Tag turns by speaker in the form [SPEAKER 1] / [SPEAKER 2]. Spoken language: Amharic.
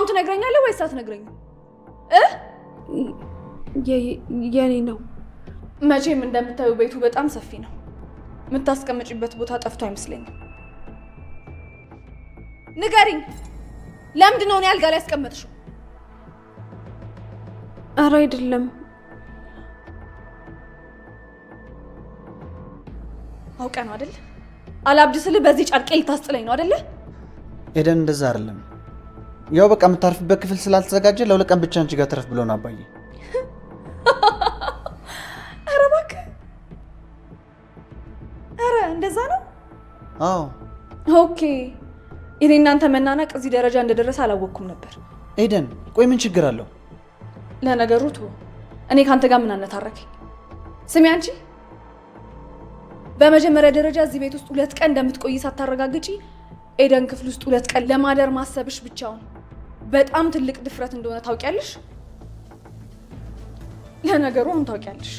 [SPEAKER 1] አሁን ትነግረኛለህ ወይስ አትነግረኝም? የኔ ነው። መቼም እንደምታዩ ቤቱ በጣም ሰፊ ነው። የምታስቀምጭበት ቦታ ጠፍቶ አይመስለኝም። ንገሪኝ፣ ለምንድን ነው እኔ አልጋ ላይ ያስቀመጥሽው? አይደለም። አውቀ ነው አደለ? አላብድ ስልህ በዚህ ጨርቄ ልታስጥለኝ ነው አደለ?
[SPEAKER 2] ኤደን እንደዛ አይደለም ያው በቃ የምታርፍበት ክፍል ስላልተዘጋጀ ለሁለት ቀን ብቻ አንቺ ጋር ብሎ ነው አባዬ።
[SPEAKER 1] ኧረ እባክህ፣ ኧረ እንደዛ ነው? አዎ። ኦኬ። እኔ እናንተ መናናቅ እዚህ ደረጃ እንደደረሰ አላወቅኩም ነበር።
[SPEAKER 2] ኤደን፣ ቆይ ምን ችግር አለው?
[SPEAKER 1] ለነገሩ ቶ እኔ ከአንተ ጋር ምን አነታረከኝ? ስሚ አንቺ፣ በመጀመሪያ ደረጃ እዚህ ቤት ውስጥ ሁለት ቀን እንደምትቆይ ሳታረጋግጪ ኤደን ክፍል ውስጥ ሁለት ቀን ለማደር ማሰብሽ ብቻውን በጣም ትልቅ ድፍረት እንደሆነ ታውቂያለሽ። ለነገሩ አሁን ታውቂያለሽ።